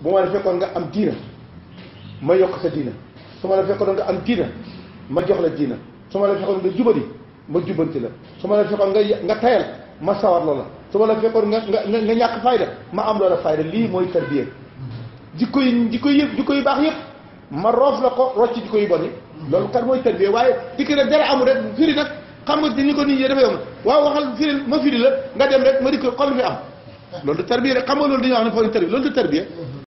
bu ma la fekkoon nga am diina ma yokk sa diina su ma la fekkoon nga am diina ma jox la diina su ma la fekkoon nga jubadi ma jubanti la su ma la fekkoon nga nga tayal ma sawar loola su ma la fekkoon nga nga nga ñàkk fayda ma am loola fayda lii mooy tarbiya jikko yi jikko yëpp baax yëpp ma roof la ko rocc jikko yu bon yi loolu kat mooy tarbiya waaye dikki nag dara amul rek firi nag xam nga dañu ko nit ñi dafa yomb waaw waxal firi firi la nga dem rek ma dikk xol fi am loolu du tarbiya rek xam nga loolu dañuy wax